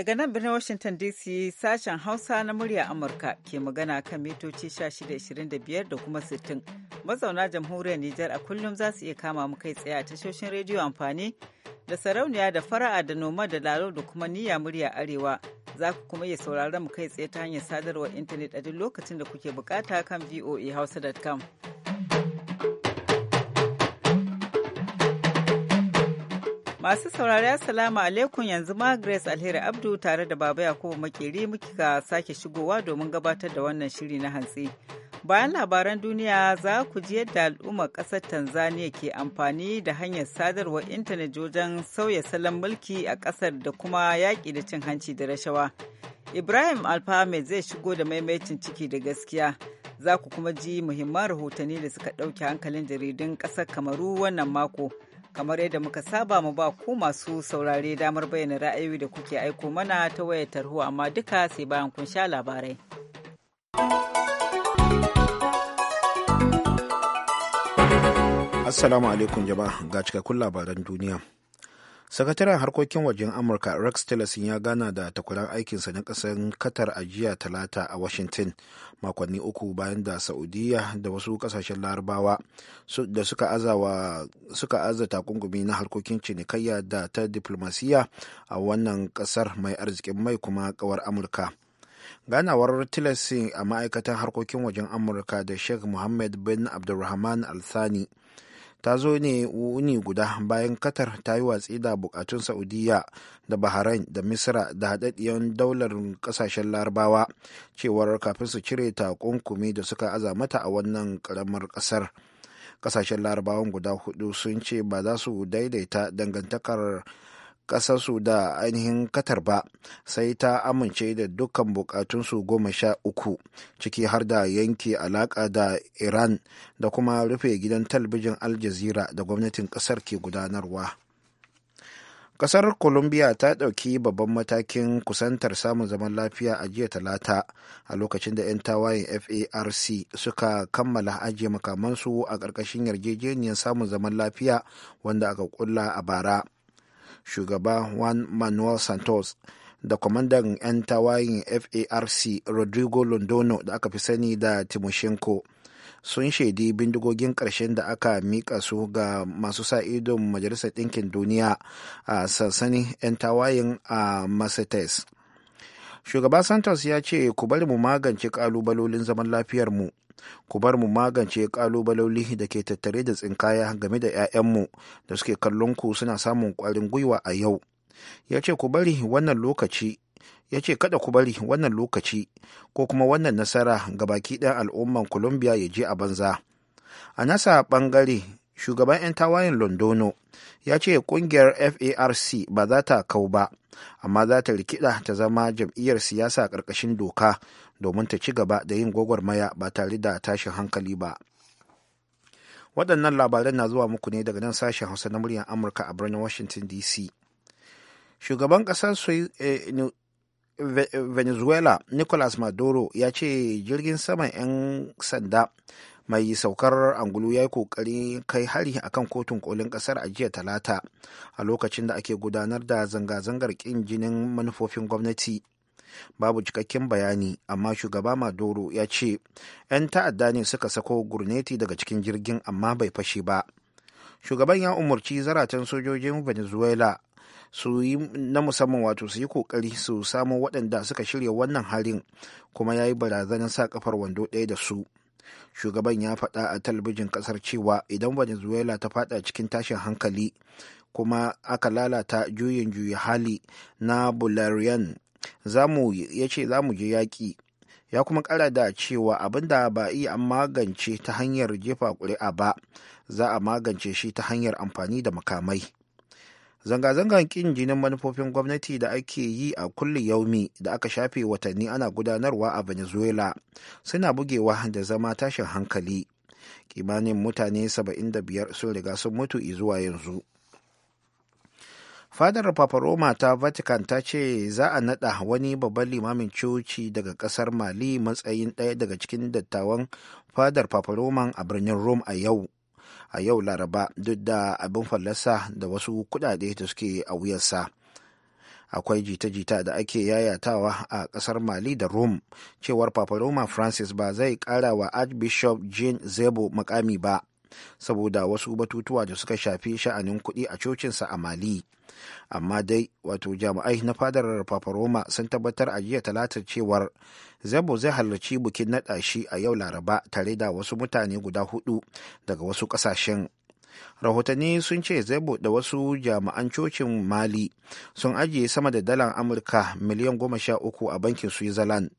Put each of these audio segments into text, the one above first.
Daga nan birnin Washington DC sashen Hausa na murya Amurka ke magana kan mitoci 1625 da kuma 60. Mazauna jamhuriyar Nijar a kullum za su iya kama mu kai tsaye a tashoshin rediyo amfani da sarauniya da fara'a da noma da laro da kuma niyya murya arewa. Za ku kuma iya sauraron mu kai tsaye ta hanyar sadarwar intanet a duk lokacin da kuke bukata kan voa voahausa.com. Masu saurari Assalamu alaikum yanzu ma Grace Alheri Abdu tare da Baba Yakubu Makeri muka sake shigowa domin gabatar da wannan shiri na hantsi. Bayan labaran duniya za ku ji yadda al'ummar ƙasar Tanzania ke amfani da hanyar sadarwar intanet wajen sauya salon mulki a ƙasar da kuma yaƙi da cin hanci da rashawa. Ibrahim Alfahamed zai shigo da maimaicin ciki da gaskiya. Za ku kuma ji muhimman rahotanni da suka ɗauke hankalin jaridun ƙasar Kamaru wannan mako. kamar yadda muka saba mu ba ku masu saurare damar bayyana ra'ayoyi da kuke aiko mana ta wayar tarho amma duka sai bayan kun sha labarai. Assalamu alaikum jama'a ga cikakkun labaran duniya. sakataren harkokin wajen amurka rex tillerson ya gana da takwaran aikinsa na ƙasar katar a jiya talata a washington makonni uku bayan da saudiya da wasu kasashen larabawa da suka aza takungumi na harkokin cinikayya da ta diplomasiya a wannan ƙasar mai arzikin mai kuma ƙawar amurka ganawar tillerson a ma'aikatan harkokin wajen amurka da sheikh mohammed bin abdulrahman al-thani ta zo ne wuni guda bayan qatar ta yi watsi da bukatun saudiya da bahrain da misra da haɗaɗɗiyar daular ƙasashen larabawa cewar kafin su cire takunkumi da suka aza mata a wannan karamar ƙasar ƙasashen larabawan guda hudu sun ce ba za su daidaita dangantakar ƙasarsu da ainihin katar ba sai ta amince da dukkan bukatunsu goma sha uku ciki har da yanke alaƙa da iran da kuma rufe gidan talbijin al jazeera da gwamnatin ƙasar ke gudanarwa kasar colombia ta ɗauki babban matakin kusantar samun zaman lafiya a jiya talata a lokacin da 'yan tawayen farc suka kammala ajiye makamansu a ƙarƙashin yarjejeniyar samun zaman lafiya wanda aka kulla a bara shugaba juan manuel santos da kwamandan 'yan tawayin farc rodrigo londono da aka fi sani da timoshenko sun shaidi bindigogin ƙarshen da aka miƙa su ga masu sa idon majalisar ɗinkin duniya a sansanin 'yan tawayin a masetes shugaba santos ya ce ku bari mu magance ƙalubalolin zaman lafiyar mu. ku bar mu magance ƙalubaloli da ke tattare da tsinkaya game da 'ya'yanmu da suke kallon ku suna samun ƙwarin gwiwa a yau ya ce ku bari wannan lokaci ya ce kada ku bari wannan lokaci ko kuma wannan nasara ga baki ɗan al'umman colombia ya je a banza a nasa ɓangare shugaban 'yan tawayen londono ya ce kungiyar farc ba za ta kau ba amma za ta rikida ta zama jam'iyyar siyasa ƙarƙashin doka domin ta ci gaba da yin gwagwarmaya ba tare da tashin hankali ba waɗannan labaran na zuwa muku ne daga nan sashen hausa na muryar amurka a birnin washington dc shugaban ƙasar eh, venezuela nicolas maduro ya ce jirgin saman 'yan sanda mai saukar angulu ya yi kokari kai hari akan kotun kolin ƙasar a jiya talata a lokacin da ake gudanar da zanga-zangar ƙin jinin manufofin gwamnati babu cikakken bayani amma shugaba maduro ya ce 'yan ta'adda ne suka sako gurneti daga cikin jirgin amma bai fashe ba shugaban ya umarci zaratan sojojin venezuela su yi na musamman wato su yi kokari su samu waɗanda suka shirya wannan halin kuma ya yi barazanin sa kafar wando ɗaya da su shugaban ya faɗa a talabijin ƙasar cewa idan venezuela ta faɗa cikin tashin hankali kuma aka lalata juyin juyi hali na bolarian ya ce za mu je yaƙi ya kuma ƙara da cewa abin da ba iya an magance ta hanyar jefa ƙuri'a ba za a magance shi ta hanyar amfani da makamai zanga-zangar ƙin jinin manufofin gwamnati da ake yi a kulli yaumi da aka shafe watanni ana gudanarwa a venezuela suna bugewa da zama tashin hankali kimanin mutane 75 sun riga sun mutu zuwa yanzu. fadar roma ta vatican ta ce za a nada wani babban limamin coci daga kasar mali matsayin ɗaya daga cikin dattawan fadar paparoman a birnin rome a yau a yau laraba duk da abin fallasa da wasu kudade da suke a wuyarsa akwai jita-jita da ake yayatawa a kasar mali da rome cewar roma francis ba zai kara wa archbishop jean zebo makami ba saboda wasu batutuwa da suka shafi sha'anin kuɗi a cocinsa a mali amma dai wato jami'ai na fadar Roma sun tabbatar a jiya talatar cewar zebo zai halarci bikin naɗa shi a yau laraba tare da wasu mutane guda hudu daga wasu ƙasashen rahotanni sun ce zebo da wasu jami'an cocin mali sun ajiye sama da dalar amurka miliyan goma sha uku a bankin switzerland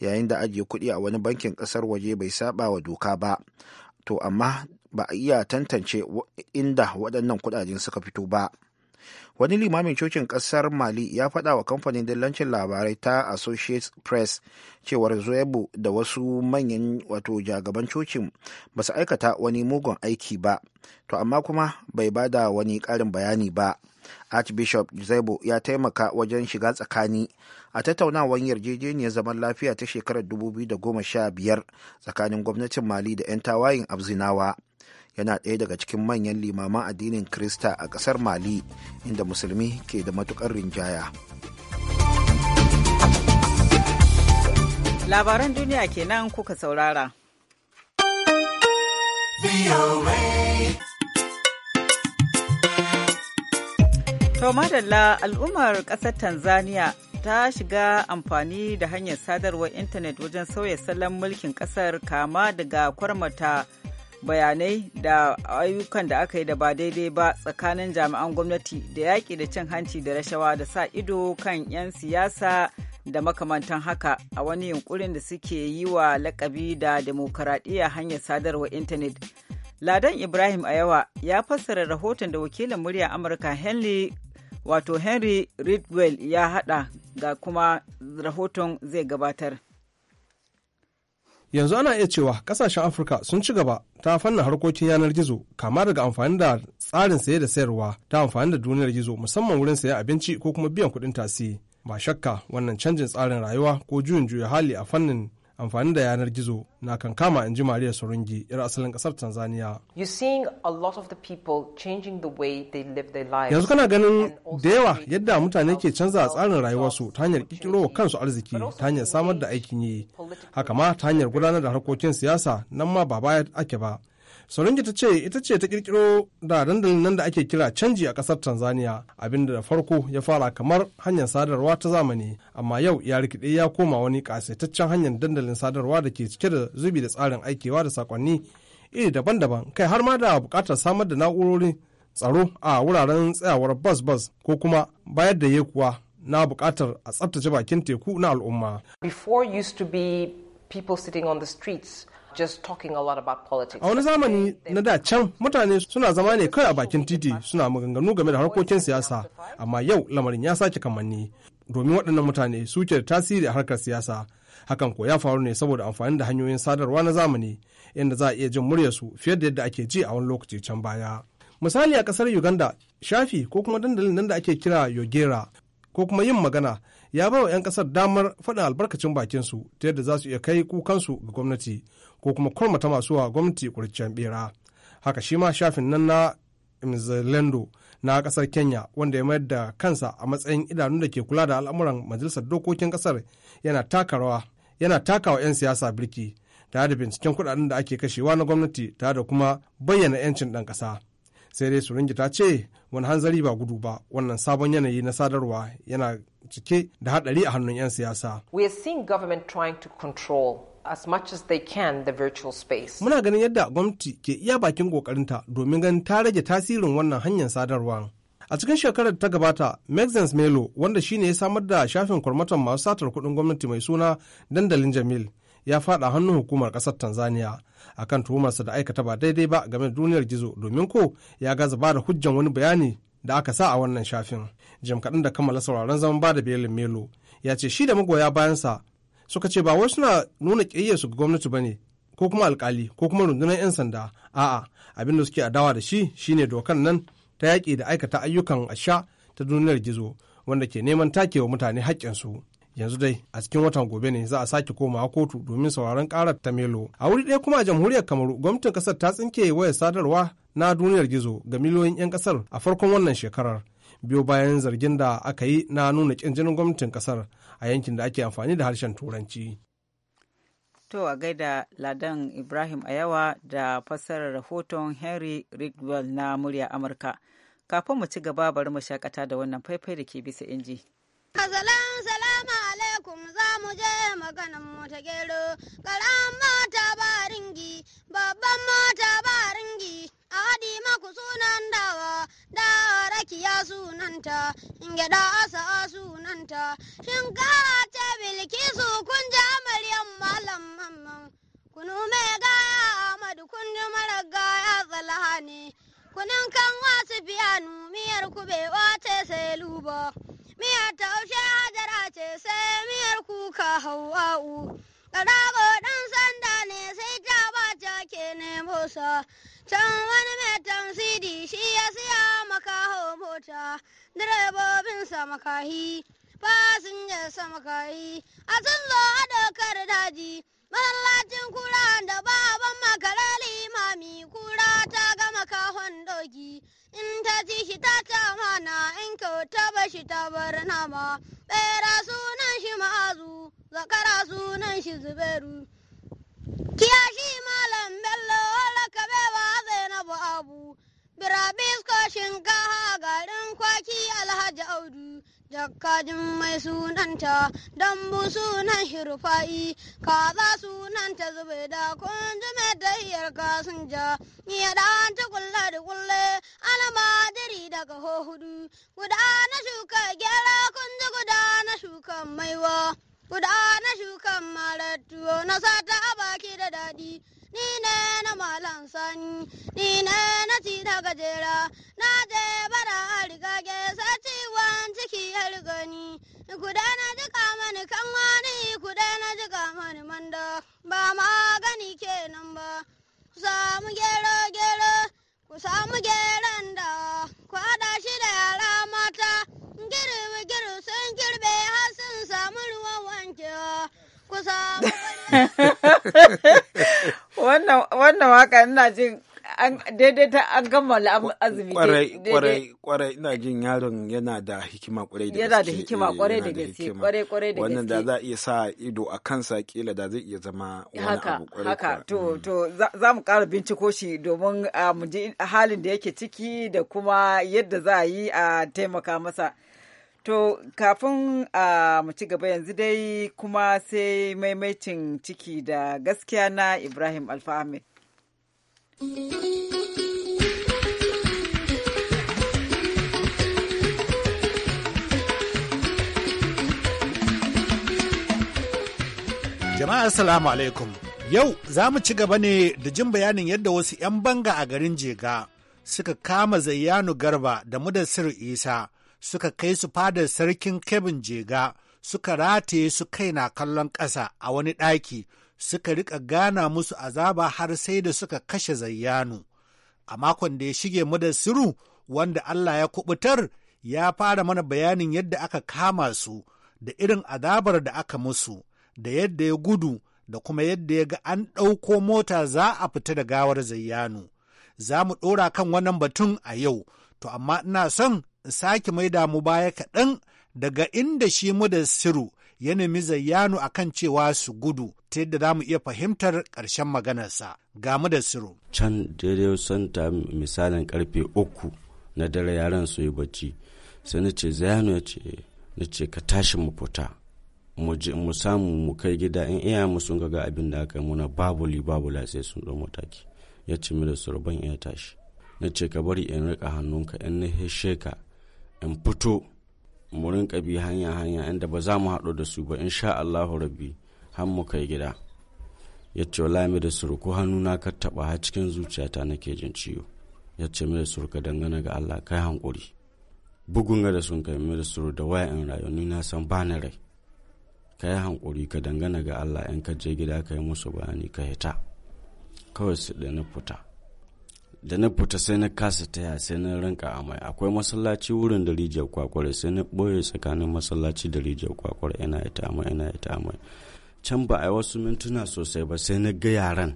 yayin da ajiye kuɗi a wani bankin ƙasar waje bai saba wa doka ba to amma ba a iya tantance inda waɗannan kuɗajen suka fito ba wani limamin cocin kasar mali ya faɗa wa kamfanin dillancin labarai ta associates press cewar zoebo da wasu manyan wato jagaban cocin ba su aikata wani mugun aiki ba to amma kuma bai ba da wani karin bayani ba archbishop zebo ya taimaka wajen shiga tsakani a tattaunawar yarjejeniyar zaman lafiya ta shekarar 2015 tsakanin gwamnatin mali da 'yan tawayin abzinawa yana ɗaya daga cikin manyan limaman addinin krista a ƙasar mali inda musulmi ke da matuƙar rinjaya labaran duniya kenan kuka saurara To madalla al'ummar ƙasar Tanzania ta shiga amfani da hanyar sadarwar intanet wajen sauya salon mulkin ƙasar kama daga kwarmata bayanai da ayyukan da aka yi da ba daidai ba tsakanin jami'an gwamnati da yaƙi da cin hanci da rashawa da sa ido kan 'yan siyasa da makamantan haka a wani yunkurin da suke yi wa lakabi da demokaradiyya hanyar sadarwa intanet. Ladan Ibrahim a yawa ya fassara rahoton da wakilin murya Amurka Henry wato Henry Ridwell ya haɗa ga kuma rahoton zai gabatar. yanzu ana iya cewa kasashen afirka sun ci gaba ta fannin harkokin yanar gizo kama daga amfani da tsarin saye da sayarwa ta amfani da duniyar gizo musamman wurin sayan abinci ko kuma biyan kuɗin tasi ba shakka wannan canjin tsarin rayuwa ko juyin juya hali a fannin amfani da yanar gizo na kan kama in ji Maria Sorungi, 'yar asalin kasar Tanzania. Yanzu kana ganin da yawa yadda mutane ke canza tsarin rayuwarsu ta hanyar wa kansu arziki ta hanyar samar da aikin yi, haka ma ta hanyar gudanar da harkokin siyasa nan ma ba baya ake ba. Solange ta ce ita ce ta kirkiro da dandalin nan da ake kira canji a kasar Tanzania abinda da farko ya fara kamar hanyar sadarwa ta zamani amma yau ya rikide ya koma wani kasaitaccen hanyar dandalin sadarwa da ke cike da zubi da tsarin aikewa da sakonni iri daban-daban kai har ma da bukatar samar da na'urorin tsaro a wuraren tsayawar bas-bas ko kuma bayar da ya kuwa na bukatar a tsabtace bakin teku na al'umma. Before used to be people sitting on the streets just talking a lot about politics. A wani zamani na da can mutane suna zama ne kawai a bakin titi suna maganganu game da harkokin siyasa, amma yau lamarin ya sake kamanni. Domin waɗannan mutane suke da tasiri a harkar siyasa. Hakan ko ya faru ne saboda amfani da hanyoyin sadarwa na zamani inda za a iya jin muryarsu fiye da yadda ake ji a wani lokaci can baya. Misali a ƙasar Uganda, shafi ko kuma dandalin nan da ake kira Yogera ko kuma yin magana ya ba wa 'yan kasar damar faɗin albarkacin bakinsu ta yadda za su iya kai kukansu ga gwamnati ko kuma kwarmata masu wa gwamnati kurciyar bera haka shi ma shafin nan na mzalendo na kasar kenya wanda ya mayar da kansa a matsayin idanun da ke kula da al'amuran majalisar dokokin kasar yana takarwa yana takawa 'yan siyasa birki tare da binciken kudaden da ake kashewa na gwamnati tare da kuma bayyana 'yancin ɗan ƙasa. sai dai su ta ce wani hanzari ba gudu ba wannan sabon yanayi na sadarwa yana cike da hadari a hannun 'yan siyasa. We are seeing government trying to control as much as they can the virtual space. Muna ganin yadda gwamnati ke iya bakin kokarinta domin ganin ta rage tasirin wannan hanyar sadarwa. A cikin shekarar ta gabata, Maxence Melo, wanda shine ya samar da shafin kwarmatan masu satar kuɗin gwamnati mai suna dandalin Jamil, ya fada hannun hukumar kasar tanzania a kan tuhumarsa da aikata ba daidai ba game da duniyar gizo domin ko ya gaza ba da hujjan wani bayani da aka sa a wannan shafin jim kaɗan da kammala sauraron zaman ba da belin melo ya ce shi da magoya bayansa suka ce ba wai suna nuna ƙiyayyarsu ga gwamnati ba ne ko kuma alkali ko kuma rundunar 'yan sanda a'a abin da suke adawa da shi shine dokan nan ta yaƙi da aikata ayyukan asha ta duniyar gizo wanda ke neman takewa mutane haƙƙinsu yanzu dai a cikin watan gobe ne za a sake komawa kotu domin sauraron karar ta melo a wuri ɗaya kuma a jamhuriyar kamaru gwamnatin kasar ta tsinke wayar sadarwa na duniyar gizo ga miliyoyin 'yan kasar a farkon wannan shekarar biyo bayan zargin da aka yi na nuna ƙin jinin gwamnatin kasar a yankin da ake amfani da harshen turanci To a gaida Ladan Ibrahim Ayawa da fassarar rahoton Henry Rigwell na murya Amurka. Kafin mu ci gaba bari mu shakata da wannan faifai da ke bisa inji. Kazalan salama alaikum za mu je maganin mu ta gero, karan mata ba ringi, babban mata ba ringi, a haɗi maku sunan dawa, dawa rakiya sunanta, in gyaɗa asa sunanta, shinkawa ce bilkisu kun ji amaryan malam mamman, Ku mai gaya Amadu, kun ji marar gaya tsalaha ne, kunin kan wasu biyanu miyar kubewa ce sai luba. miyar taushe hajara ce sai miyar kuka hau'a'u ƙarago ɗan sanda ne sai ta bata ke nemo sa can wani mai tamsidi shi ya siya makaho mota direbobinsa makahi fasinja makahi a sun zo a dokar daji masallacin kura da baban makarar limami kura ta in ta ci shi ta ta mana in kyauta ba shi ta bar nama bera sunan shi ma'azu zakara sunan shi zubairu kiyashi malam bello wala kabe ba zainabu abu birabisko ko shinkaha garin kwaki alhaji audu jakajin mai sunanta, dambu sunan hirfa'i, kaza sunanta zube da kunji mai dayyar kasinja, ya ɗan kulle da kulle, jiri daga hudu, guda na shuka gyara kunji guda na shuka maiwa, guda na shuka marattuwa, na sata a baki da daɗi. ni ne na malam sani ni ne na ci da gajera na je bara a riga ge ciwon ciki ya gani ni na jika mani kan wani kuda na mani manda ba ma magani kenan ba ku samu gero gero ku samu geron da ku haɗa shi da yara mata girbi girbi sun girbe har sun samu ruwan wankewa ku samu wannan waka ina jin daidai ta an kammala azumi kwarai kwarai kwarai ina jin yaron yana da hikima kwarai da gaske yana da hikima eh, kwarai da gaske kwarai kwarai da gaske wannan da za iya sa ido a kansa kila da zai iya zama wani abu kwarai haka to mm. to za mu ƙara binciko shi domin ah, mu ji halin da yake ciki da kuma yadda za a yi a taimaka masa To kafin a mu ci gaba yanzu dai kuma sai maimaitin ciki da gaskiya na Ibrahim Alfa Ahmed. Jama'a Assalamu alaikum. Yau za mu ci gaba ne da jin bayanin yadda wasu 'yan banga a garin Jega suka kama Zayyanu Garba da Mudassir Isa suka kai su fadar sarkin kebin jega suka rataye su kai na kallon ƙasa a wani ɗaki suka riƙa gana musu azaba har sai da suka kashe zayyanu. A makon da ya shige mu da siru wanda Allah ya kubutar ya fara mana bayanin yadda aka kama su da irin azabar da aka musu da yadda ya gudu da kuma yadda ya ga an ɗauko mota za a fita da gawar zayyanu. Za mu ɗora kan wannan batun a yau, to amma ina son sake maida mu baya kaɗan daga inda shi mu da siru ya nemi zayyanu a kan cewa su gudu ta yadda za mu iya fahimtar ƙarshen maganarsa ga mu da siru. Can daidai ta misalin karfe uku na dare yaran su yi bacci sai na ce zayyanu ya ce na ce ka tashi mu fita mu samu mu kai gida in iya mu sun ga abin da aka muna babu li babu la sai sun ɗau mataki ya ce mu da siru ban iya tashi na ce ka bari in riƙa hannunka in na heshe ka in fito mu rinka bi hanya hanya inda ba za mu haɗu da su ba in sha Allahu rabbi har mu kai gida ya ce wala mai da surku na ka taɓa har cikin zuciyata nake jin ciwo ya ce mai da surka dangane ga Allah kai hankuri bugun ga da sun kai mai da suru da waya in rayu ni na san ba na rai ka yi hankuri ka dangana ga Allah in ka je gida ka musu bayani ka hita kawai su da na fita da na fita sai na kasa taya sai na rinka amai akwai masallaci wurin da rijiyar kwakwarai sai na ɓoye tsakanin masallaci da rijiyar kwakwarai yana ita amai yana ita amai can ba a yi wasu mintuna sosai ba sai na ga yaran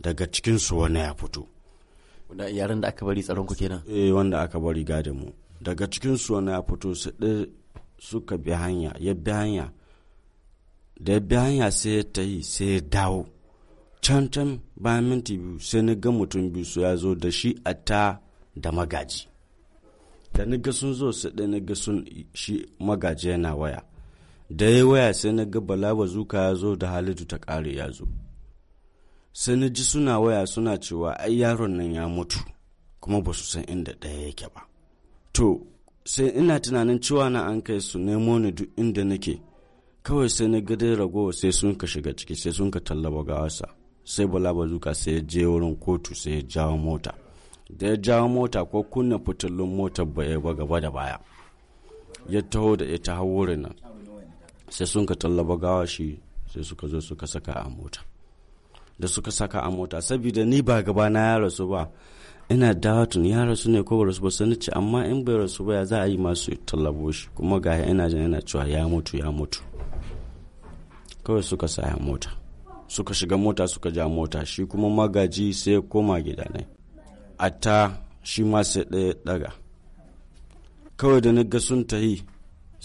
daga cikin su wani ya fito wanda yaran da aka bari tsaron ku kenan eh wanda aka bari gadin mu daga cikin su wani ya fito su ɗi suka bi hanya ya bi hanya da ya bi hanya sai ya tayi sai ya dawo cancan bayan minti biyu sai na ga mutum biyu su ya zo da shi a ta da magaji da na ga sun zo su ɗaya na ga sun shi magaji yana waya da ya waya sai na ga balawa zuka ya zo da halittu ta ƙare ya zo sai na ji suna waya suna cewa ai yaron nan ya mutu kuma ba su san inda ɗaya yake ba to sai ina tunanin cewa na an kai su nemo ni duk inda nake kawai sai na ga dai ragowa sai sun ka shiga ciki sai sun ka tallaba ga wasa sai bala bazuka sai je wurin kotu sai ya jawo mota da ya jawo mota ko kunna fitilun motar ba ya gaba da baya ya taho da ita wurin nan sai sun ka tallaba gawa shi sai suka zo suka saka a mota da suka saka a mota saboda ni ba gaba na ya rasu ba ina dawatun ya rasu ne ko rasu ba sani ce amma in bai rasu ba ya za a yi masu tallabo shi kuma ga ina jin yana cewa ya mutu ya mutu kawai suka sa mota suka shiga mota suka ja mota shi kuma magaji sai koma gida ne a ta shi ma sai ɗaya ɗaga kawai da na ga sun tahi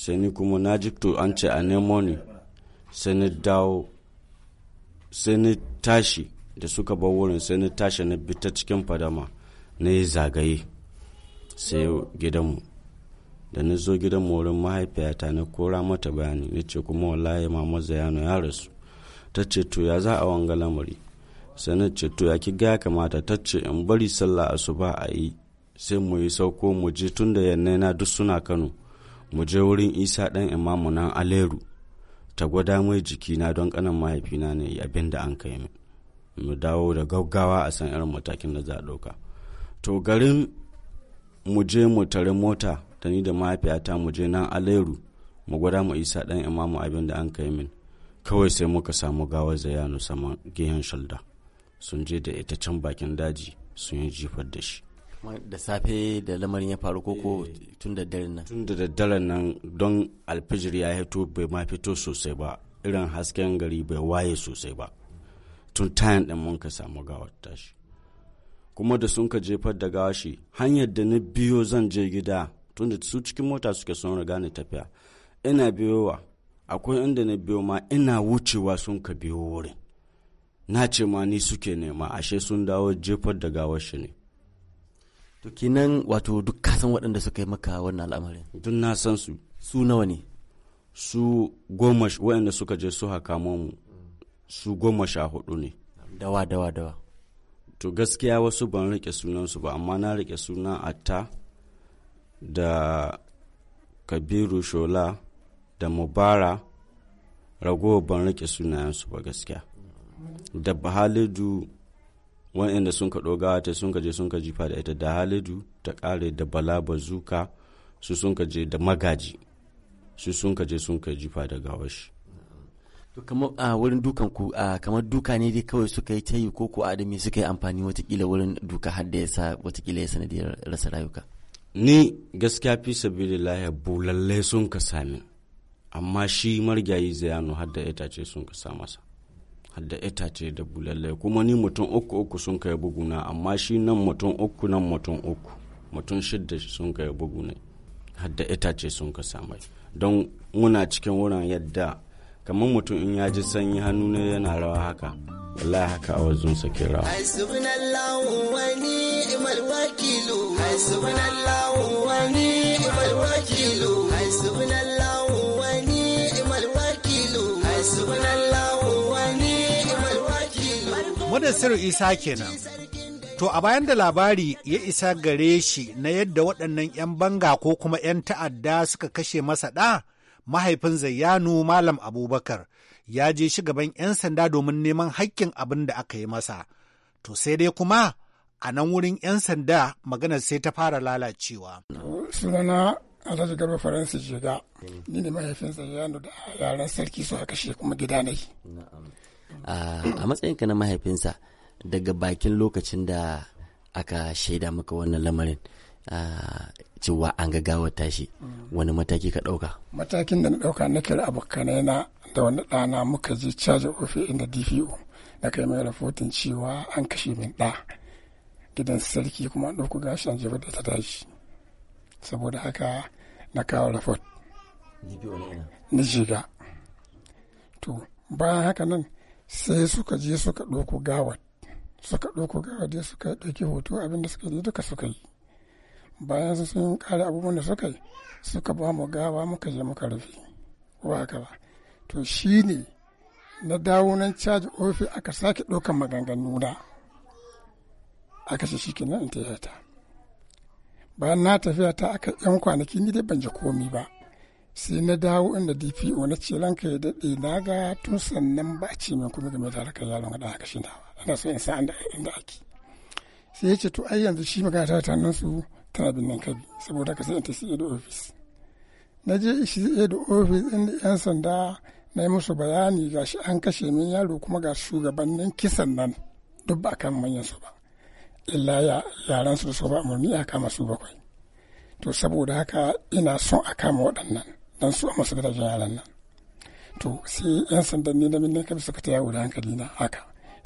sai ni kuma na ji to an ce a nemo ni sai ni dawo sai ni tashi da suka bar wurin sai ni tashi na bita cikin fadama na yi zagaye sai gidanmu da na zo gidan wurin mahaifiyata na kora mata bayani ni ce kuma wallahi mama zayano ya rasu ta ce to ya za a wanga lamari sannan ce to ya ki ga kamata ta ce in bari sallah asuba a yi sai mu yi sauko mu je tun da na duk suna kano mu je wurin isa dan imamu nan aleru ta gwada mai jikina don kanan mahaifina ne abin da an kai min mu dawo da gaggawa a san irin matakin da za a ɗauka to garin mu je mu tare mota da ni da mahaifiyata mu je nan aleru mu gwada mu isa dan imamu abin da an kai min kawai sai muka samu gawar zayanu sama gehen shalda sun je da ita can bakin daji sun yi jifar da shi da safe da lamarin ya faru koko eh. tun da daren nan tun da daddaren nan don alfijir ya hito bai ma fito sosai ba irin hasken gari bai waye sosai ba tun tayan din mun ka samu gawar tashi kuma da sun ka jefar da shi. hanyar da na biyo zan je gida tun da su cikin mota suke son riga ni tafiya ina biyowa akwai inda na biyo ma ina wucewa sun ka biyo wurin na ce ma ni suke nema ashe sun dawo jefar da gawar shi ne to kinan wato duk kasan waɗanda suka yi maka wannan al'amarin duk na san su su nawa ne su goma waɗanda suka je su haka mu su goma sha hudu ne dawa dawa dawa to gaskiya wasu ban rike sunansu ba amma na rike sunan atta da kabiru shola da mubara ragowar ban rike sunayensu ba gaskiya da halidu waɗanda sun ka dogawa ta sun ka je sun ka jifa da ita da halidu ta kare da bala bazuka su sun ka je da magaji su sun ka je sun ka jifa da gawashi to kamar a wurin dukan ku a kamar duka ne dai kawai suka yi tayi ko ko adami suka yi amfani watakila wurin duka har da ya sa watakila ya sanadiyar rasa rayuka ni gaskiya fi sabilillahi bulalle sun ka sami amma shi margayi zayano har ita itace sun ka sa masa hadda ita itace da bulallai kuma ni mutum uku uku sun kai buguna amma shi nan mutum uku nan mutum uku mutum shidda sun kai buguna hadda ita itace sun ka sa mai don muna cikin wurin yadda kamar mutum in ya ji sanyi hannu ne yana rawa haka wallahi haka a wazun sake rawa subhanallahu wani ni'mal wakilu subhanallahu wani ni'mal wakilu subhanallahu Sir Isa kenan. To a bayan da labari ya isa gare shi na yadda waɗannan 'yan banga ko kuma 'yan ta'adda suka kashe masa ɗa, mahaifin Zayyanu Malam Abubakar ya je shi gaban 'yan sanda domin neman haƙƙin abin da aka yi masa. To sai dai kuma a nan wurin 'yan sanda maganar sai ta fara lalacewa. zai garba faransa shiga ni ne mahaifinsa ya yano da yaran sarki su kashe kuma gida ne a matsayinka na mahaifinsa daga bakin lokacin da aka shaida maka wannan lamarin cewa an ga gawar tashi wani mataki ka ɗauka matakin da na ɗauka na kira abokanai na da wani ɗana muka je caja ofi inda dpo na kai mai rahoton cewa an kashe min ɗa gidan sarki kuma an ɗauko an jefa da ta tashi saboda haka na kawo rafot na shiga to bayan haka nan sai suka je suka ɗauko gawar suka ɗauko gawar dai suka ɗauki hoto abinda suka yi duka suka yi bayan su sun ƙara abubuwan da suka yi suka ba mu gawa muka je muka rufe ko haka ba to shi ne na dawo nan caji ofi aka sake ɗaukan maganganu na aka ce shi kenan in ta bayan na tafiya ta aka yan kwanaki ni dai ban je komi ba sai na dawo inda dpo na ce ranka ya daɗe na ga tun sannan ba ce min kuma game da harkar yaron da aka shina ana so in sa inda ake sai ya ce to ai yanzu shi magana ta nan su tana binnan kabi saboda ka sai ta sai da ofis na je shi da ofis inda yan sanda na yi musu bayani gashi an kashe min yaro kuma ga shugabannin kisan nan duk ba kan manyan su ba illa yaran su so ba umarni a kama su bakwai to saboda haka ina son a kama waɗannan don su a masu gidajen yaran nan to sai yan sandan ne na minna kabi suka taya da hankali na haka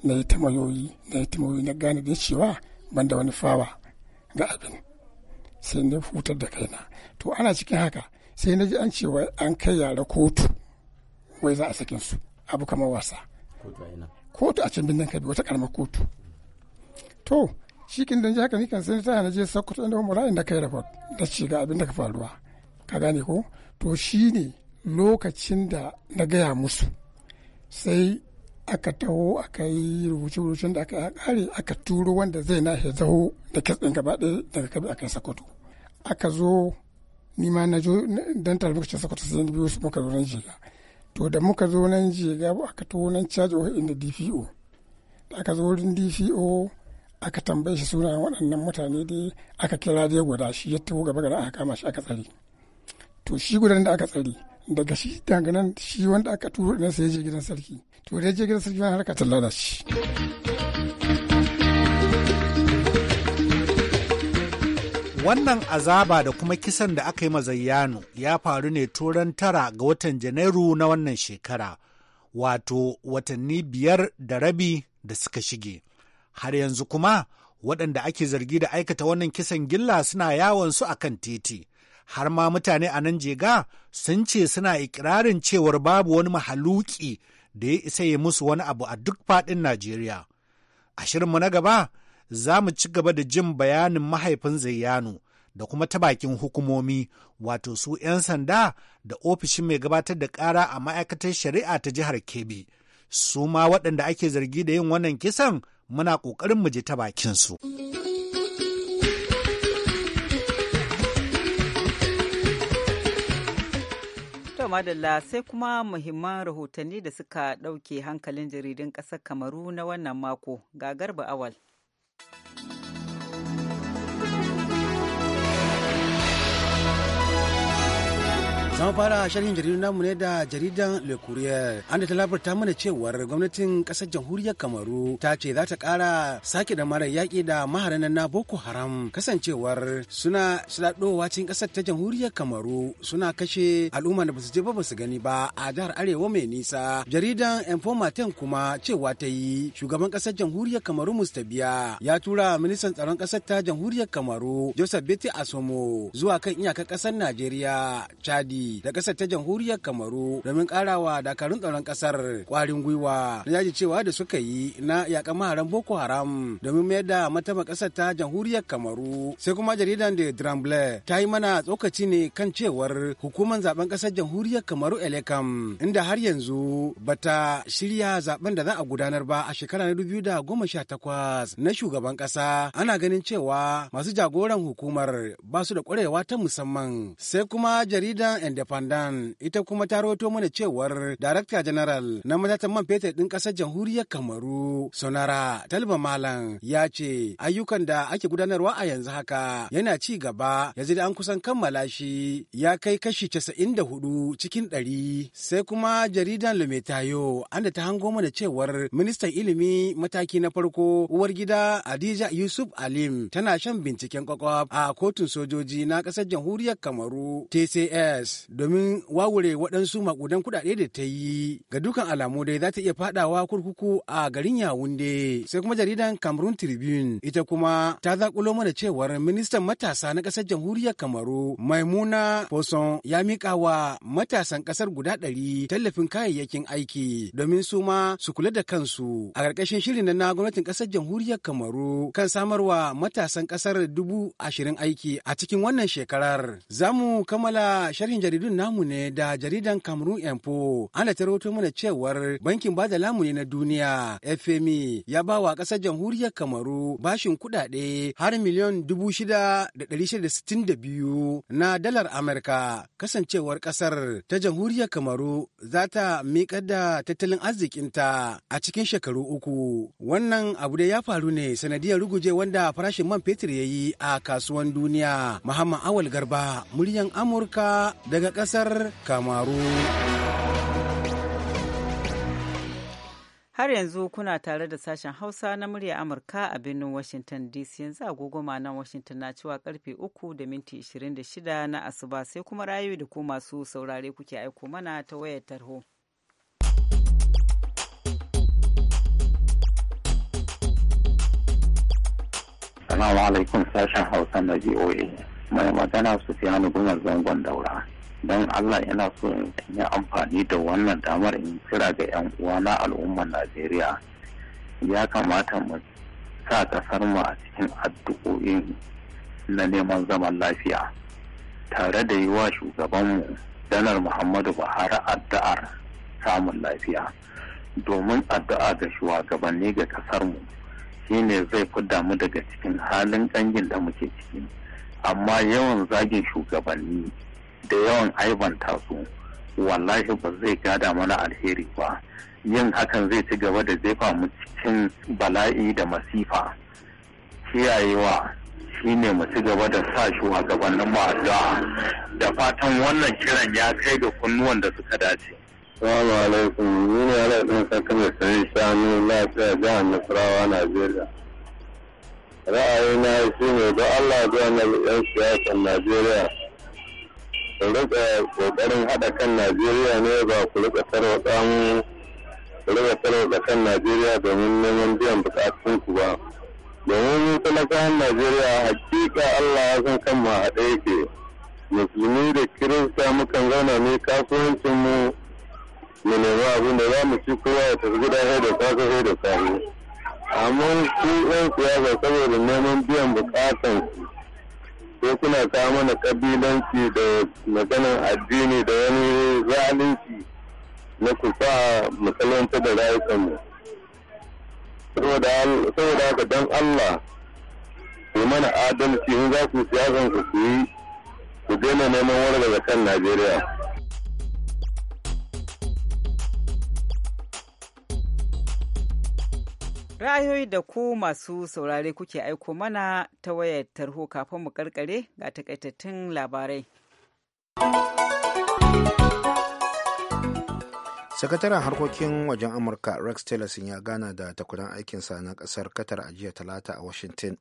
na yi tamayoyi na yi tamayoyi na gane da cewa ban da wani fawa ga abin sai na hutar da kaina to ana cikin haka sai na ji an cewa an kai yara kotu wai za a sakin su abu kamar wasa kotu a can birnin kabi wata karamar kotu to shi kin dan haka ni kan san ta na je Sokoto inda ra'ayin da kai report da ci ga abin da ka faruwa ka gane ko to shine lokacin da na gaya musu sai aka taho aka yi rubuce-rubucen da aka kare aka turo wanda zai na ya zaho da kes ɗin gaba daga kabi a sakoto aka zo ni ma na jo dan tare sakoto sai biyu su muka zo nan jiga to da muka zo nan jiga aka taho nan caji wa inda dpo da aka zo wurin dpo aka tambaye shi sunayen waɗannan mutane dai aka kira dai guda shi ya taho gaba gaba aka kama shi aka tsare to shi gudan da aka tsare daga shi danganan shi wanda aka turo ɗin sai ya je gidan sarki to da ya je gidan sarki wani harka ta shi Wannan azaba da kuma kisan da aka yi mazayyano ya faru ne turan tara ga watan Janairu na wannan shekara, wato watanni biyar da rabi da suka shige. har yanzu kuma waɗanda ake zargi da aikata wannan kisan gilla suna yawon su a kan titi. Har ma mutane a nan jega sun ce suna ikirarin cewar babu wani mahaluki da ya isa ya musu wani abu a duk faɗin Najeriya. A shirinmu na gaba za mu ci gaba da jin bayanin mahaifin Zayyanu da kuma ta bakin hukumomi wato su 'yan sanda da ofishin mai gabatar da ƙara a ma'aikatar shari'a ta jihar Kebbi. su ma waɗanda ake zargi da yin wannan kisan muna ƙoƙarin mu ji ta bakinsu. madalla sai kuma muhimman rahotanni da suka ɗauke hankalin jaridun ƙasar kamaru na wannan mako ga garba awal. Zan fara sharhin jaridun namu ne da jaridan Le Courrier. An da ta labarta mana cewar gwamnatin kasar jamhuriyar Kamaru ta ce za ta kara sake da mara yaƙi da maharanan na Boko Haram kasancewar suna sulaɗowa cikin kasar ta jamhuriyar Kamaru suna kashe al'umma da basu je ba basu gani ba a jihar Arewa mai nisa. Jaridan Informaten kuma cewa ta yi shugaban ƙasar jamhuriyar Kamaru Mustabiya ya tura ministan tsaron kasar ta jamhuriyar Kamaru Joseph Beti Asomo zuwa kan iyakar kasar Najeriya Chadi da ƙasar ta jamhuriyar Kamaru domin ƙarawa dakarun tsaron ƙasar kwarin gwiwa na cewa da suka yi na yaƙan maharan Boko Haram domin mayar da matama ƙasar ta jamhuriyar Kamaru. Sai kuma jaridan da Dramble ta yi mana tsokaci ne kan cewar hukumar zaben ƙasar jamhuriyar Kamaru Elekam inda har yanzu bata shirya zaben da za a gudanar ba a shekara na 2018 na shugaban ƙasa ana ganin cewa masu jagoran hukumar ba su da ƙwarewa ta musamman sai kuma jaridan independent ita kuma ta rawaito mana cewar darakta general na matatan man fetur ɗin ƙasar jamhuriyar kamaru sonara talba malam ya ce ayyukan da ake gudanarwa a yanzu haka yana ci gaba yanzu da an kusan kammala shi ya kai kashi casa'in da hudu cikin ɗari sai kuma jaridan lumetayo anda ta hango mana cewar ministan ilimi mataki na farko uwar gida adija yusuf alim tana shan binciken kwakwaf a kotun sojoji na ƙasar jamhuriyar kamaru tcs domin wawure waɗansu makudan kuɗaɗe da ta yi. Ga dukan alamu dai za ta iya faɗawa kurkuku a garin Yawunde. Sai kuma jaridan Cameroon Tribune ita kuma ta zakulo mana cewar ministan matasa na ƙasar jamhuriyar Kamaru Maimuna poson ya miƙa wa matasan ƙasar guda ɗari tallafin kayayyakin aiki domin su ma su kula da kansu a ƙarƙashin shirin na gwamnatin ƙasar jamhuriyar Kamaru kan samarwa matasan ƙasar dubu ashirin aiki a cikin wannan shekarar. Za mu kammala sharhin jaridun namu ne da jaridan Cameroon Info. an ta rahoto mana cewar bankin bada lamuni na duniya FMI e, ya ba wa ƙasar jamhuriyar Kamaru bashin kuɗaɗe har miliyon dubu shida da ɗari shida sittin da biyu na dalar Amurka. Kasancewar ƙasar ta jamhuriyar Kamaru za ta miƙar da tattalin arzikinta a cikin shekaru uku. Wannan abu da ya faru ne sanadiyar ruguje wanda farashin man fetur ya yi a kasuwan duniya. Muhammad Awal Garba, muryan Amurka daga daga kasar kamaru har yanzu kuna tare da sashen hausa na murya amurka a birnin washington dc yanzu agogo nan washington na cewa karfe 3 da minti 26 na asuba sai kuma rayu da ku masu saurare kuke aiko mana ta wayar tarho Assalamu alaikum sashen Hausa na VOA. Mai magana su Sufiyanu Gumar Zangon Daura. don allah yana so in yi amfani da wannan damar in kira ga 'yan uwa na al'ummar najeriya ya kamata mu sa kasar mu a cikin addu'o'in na neman zaman lafiya tare da yi wa shugabanmu danar muhammadu buhari addu'ar samun lafiya domin addu'a ga shugabanni ga kasarmu shine zai fi damu daga cikin halin ƙangin da muke ciki amma yawan zagin shugabanni da yawan aibanta su wallahi ba zai gada mana alheri ba yin hakan zai ci gaba da jefa mu cikin bala'i da masifa kiyayewa ne mu ci gaba da sa shi a gabanin mu da fatan wannan kiran ya kai ga kunnuwan da suka dace Salamu alaikum, ni ne ala ɗan saka mai sanin shanu lafiya jihar Nasarawa, Najeriya. Ra'ayina shi ne don Allah zuwa na 'yan siyasar Najeriya rika kokarin haɗa kan najeriya ne ba ku rika tarwatsa mu rika tarwatsa kan najeriya domin neman biyan bukatun ku ba domin talakawan najeriya hakika allah ya san kan ma haɗe yake musulmi da kirista mukan zauna ne kasuwancin mu mu nemi abin da za mu ci kowa ya tafi gida da safe sai da safe amma su ɗan siyasa saboda neman biyan bukatan su ko kuna kawo mana kabilanci da maganin addini da wani zalunci na kusa matsalanta da rayukanmu saboda haka don Allah ku mana adalci in za ku siyasan ku yi ku daina neman da kan Najeriya. Ra'ayoyi da ku masu saurare kuke aiko mana ta wayar tarho kafin mu karkare ga takaitattun labarai. sakataren harkokin wajen amurka rex tillerson ya gana da takwaran aikinsa na kasar katar a jiya talata a washington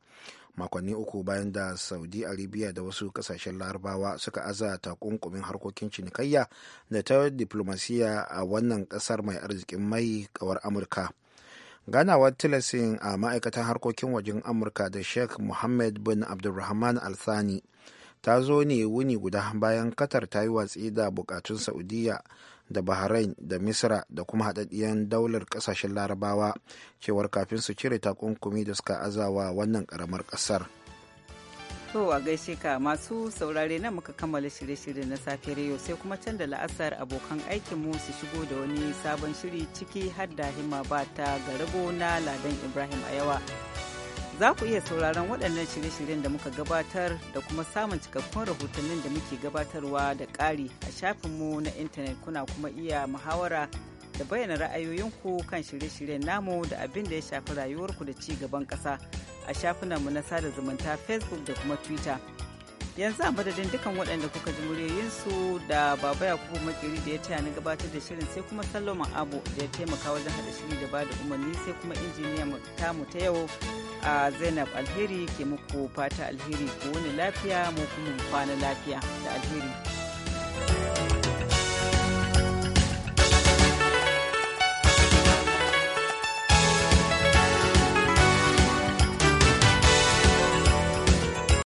makonni uku bayan da saudi arabia da wasu kasashen larabawa suka aza takunkumin harkokin cinikayya da ta diplomasiya a wannan kasar mai arzikin mai kawar amurka ganawar tilasin a ma'aikatan harkokin wajen amurka da sheikh mohammed bin abdulrahman althani ta zo ne wuni guda bayan qatar ta yi watsi da bukatun saudiya da bahrain da misra da kuma haɗaɗɗiyar daular ƙasashen larabawa cewar kafin su cire takunkumi da suka azawa wannan ƙaramar ƙasar. To a gaishe ka masu saurare na muka kammala shirye-shirye na safe yau sai kuma can da la'asar abokan aikinmu su shigo da wani sabon shiri ciki har da himma ba ta rabo na Ladan Ibrahim a yawa. Za ku iya sauraron waɗannan shirye-shiryen da muka gabatar da kuma samun cikakkun rahotannin da muke gabatarwa da ƙari a shafinmu na intanet kuna kuma iya muhawara da bayyana ra'ayoyinku kan shirye-shiryen namu da abin da ya shafi rayuwarku da ci gaban ƙasa a shafinanmu na sada zumunta facebook da kuma twitter yanzu a madadin dukan waɗanda kuka ji muryoyinsu da baba yakubu makeri da ya taya na gabatar da shirin sai kuma salloman abu da ya taimaka wajen haɗa shiri da bada umarni sai kuma injiniya mu ta yau a zainab alheri ke muku fata alheri ko wani lafiya mu kuma kwana lafiya da alheri